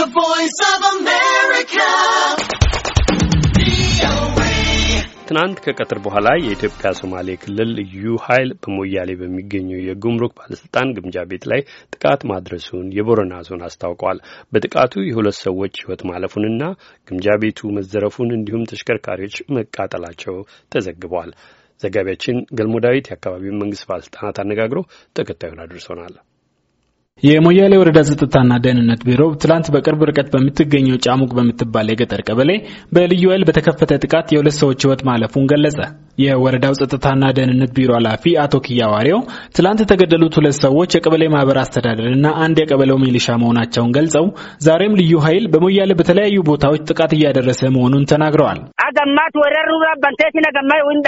The Voice of America. ትናንት ከቀትር በኋላ የኢትዮጵያ ሶማሌ ክልል ልዩ ኃይል በሞያሌ በሚገኘው የጉምሩክ ባለስልጣን ግምጃ ቤት ላይ ጥቃት ማድረሱን የቦረና ዞን አስታውቋል። በጥቃቱ የሁለት ሰዎች ሕይወት ማለፉንና ግምጃ ቤቱ መዘረፉን እንዲሁም ተሽከርካሪዎች መቃጠላቸው ተዘግቧል። ዘጋቢያችን ገልሞ ዳዊት የአካባቢውን መንግስት ባለስልጣናት አነጋግሮ ተከታዩን አድርሶናል። የሞያሌ ወረዳ ጸጥታና ደህንነት ቢሮ ትላንት በቅርብ ርቀት በምትገኘው ጫሙቅ በምትባል የገጠር ቀበሌ በልዩ ኃይል በተከፈተ ጥቃት የሁለት ሰዎች ህይወት ማለፉን ገለጸ። የወረዳው ጸጥታና ደህንነት ቢሮ ኃላፊ አቶ ዋሬው ትላንት የተገደሉት ሁለት ሰዎች የቀበሌ ማህበር አስተዳደር አንድ የቀበሌው ሚሊሻ መሆናቸውን ገልጸው ዛሬም ልዩ ኃይል በሞያሌ በተለያዩ ቦታዎች ጥቃት እያደረሰ መሆኑን ተናግረዋል። አገማት ወረሩ ወይም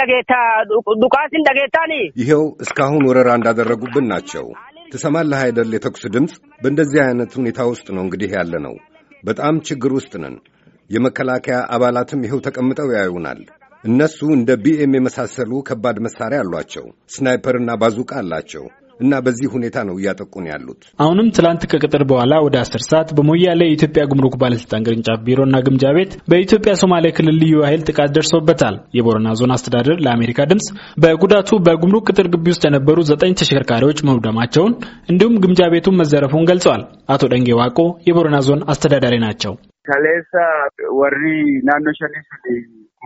ደጌታ ይኸው እስካሁን ወረራ እንዳደረጉብን ናቸው ትሰማለህ አይደል? የተኩስ ድምፅ በእንደዚህ አይነት ሁኔታ ውስጥ ነው እንግዲህ ያለ ነው። በጣም ችግር ውስጥ ነን። የመከላከያ አባላትም ይኸው ተቀምጠው ያዩናል። እነሱ እንደ ቢኤም የመሳሰሉ ከባድ መሳሪያ አሏቸው። ስናይፐርና ባዙቃ አላቸው። እና በዚህ ሁኔታ ነው እያጠቁን ያሉት። አሁንም ትላንት ከቅጥር በኋላ ወደ አስር ሰዓት በሞያሌ የኢትዮጵያ ጉምሩክ ባለስልጣን ቅርንጫፍ ቢሮና ግምጃ ቤት በኢትዮጵያ ሶማሌ ክልል ልዩ ኃይል ጥቃት ደርሶበታል። የቦረና ዞን አስተዳደር ለአሜሪካ ድምጽ በጉዳቱ በጉምሩክ ቅጥር ግቢ ውስጥ የነበሩ ዘጠኝ ተሽከርካሪዎች መውደማቸውን እንዲሁም ግምጃ ቤቱን መዘረፉን ገልጸዋል። አቶ ደንጌ ዋቆ የቦረና ዞን አስተዳዳሪ ናቸው። ከሌሳ ወሪ ናኖ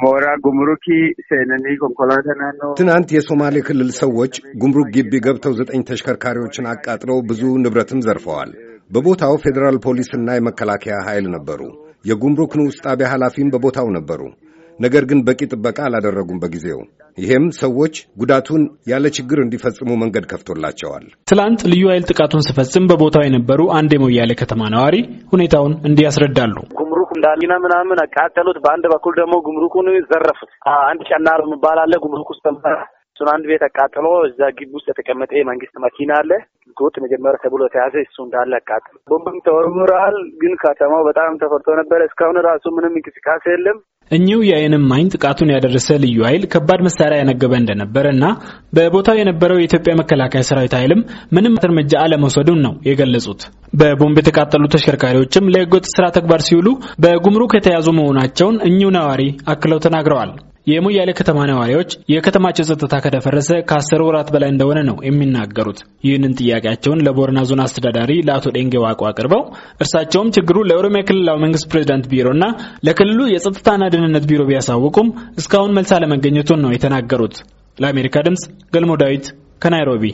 ሞራ ጉምሩኪ ሴነኒ ኮንኮላታ ትናንት የሶማሌ ክልል ሰዎች ጉምሩክ ግቢ ገብተው ዘጠኝ ተሽከርካሪዎችን አቃጥለው ብዙ ንብረትም ዘርፈዋል። በቦታው ፌዴራል ፖሊስና የመከላከያ ኃይል ነበሩ። የጉምሩክ ንዑስ ጣቢያ ኃላፊም በቦታው ነበሩ። ነገር ግን በቂ ጥበቃ አላደረጉም በጊዜው። ይሄም ሰዎች ጉዳቱን ያለ ችግር እንዲፈጽሙ መንገድ ከፍቶላቸዋል። ትላንት ልዩ ኃይል ጥቃቱን ሲፈጽም በቦታው የነበሩ አንድ የሞያሌ ከተማ ነዋሪ ሁኔታውን እንዲያስረዳሉ። እንዳሚና ምናምን አቃጠሉት። በአንድ በኩል ደግሞ ጉምሩኩን ዘረፉት። አንድ ጨናር የሚባል አለ ጉምሩክ ውስጥ እሱን አንድ ቤት አቃጥሎ እዛ ግቢ ውስጥ የተቀመጠ የመንግስት መኪና አለ ህገወጥ መጀመሪያ ተብሎ ተያዘ። እሱ እንዳለ አቃጥሎ ቦምብም ተወርውረዋል። ግን ከተማው በጣም ተፈርቶ ነበረ። እስካሁን ራሱ ምንም እንቅስቃሴ የለም። እኚሁ የአይን እማኝ ጥቃቱን ያደረሰ ልዩ ኃይል ከባድ መሳሪያ ያነገበ እንደነበረ እና በቦታው የነበረው የኢትዮጵያ መከላከያ ሰራዊት ኃይልም ምንም እርምጃ አለመውሰዱን ነው የገለጹት። በቦምብ የተቃጠሉ ተሽከርካሪዎችም ለህገወጥ ስራ ተግባር ሲውሉ በጉምሩክ የተያዙ መሆናቸውን እኚሁ ነዋሪ አክለው ተናግረዋል። የሞያሌ ከተማ ነዋሪዎች የከተማቸው ጸጥታ ከደፈረሰ ከአስር ወራት በላይ እንደሆነ ነው የሚናገሩት። ይህንን ጥያቄያቸውን ለቦረና ዞን አስተዳዳሪ ለአቶ ደንጌ ዋቆ አቅርበው እርሳቸውም ችግሩ ለኦሮሚያ ክልላዊ መንግስት ፕሬዚዳንት ቢሮና ለክልሉ የጸጥታና ደህንነት ቢሮ ቢያሳውቁም እስካሁን መልስ አለመገኘቱን ነው የተናገሩት። ለአሜሪካ ድምፅ ገልሞ ዳዊት ከናይሮቢ